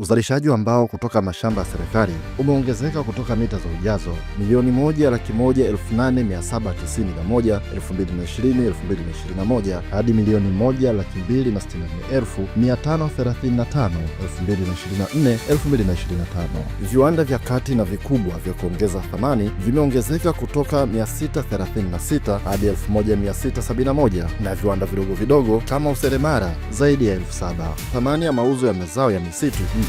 uzalishaji wa mbao kutoka mashamba ya serikali umeongezeka kutoka mita za ujazo milioni moja laki moja elfu nane mia saba tisini na moja elfu mbili na ishirini elfu mbili na ishirini na moja hadi milioni moja laki mbili na sitini na nne elfu mia tano thelathini na tano elfu mbili na ishirini na nne elfu mbili na ishirini na tano Viwanda vya kati na vikubwa vya kuongeza thamani vimeongezeka kutoka mia sita thelathini na sita hadi elfu moja mia sita sabini na moja na viwanda vidogo vidogo kama useremara zaidi ya elfu saba. Thamani ya mauzo ya mazao ya misitu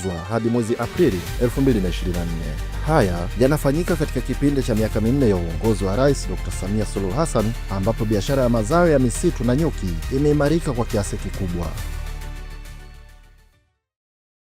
kuuzwa hadi mwezi Aprili 2024. Haya yanafanyika katika kipindi cha miaka minne ya uongozi wa Rais Dr. Samia Suluhu Hassan ambapo biashara ya mazao ya misitu na nyuki imeimarika kwa kiasi kikubwa.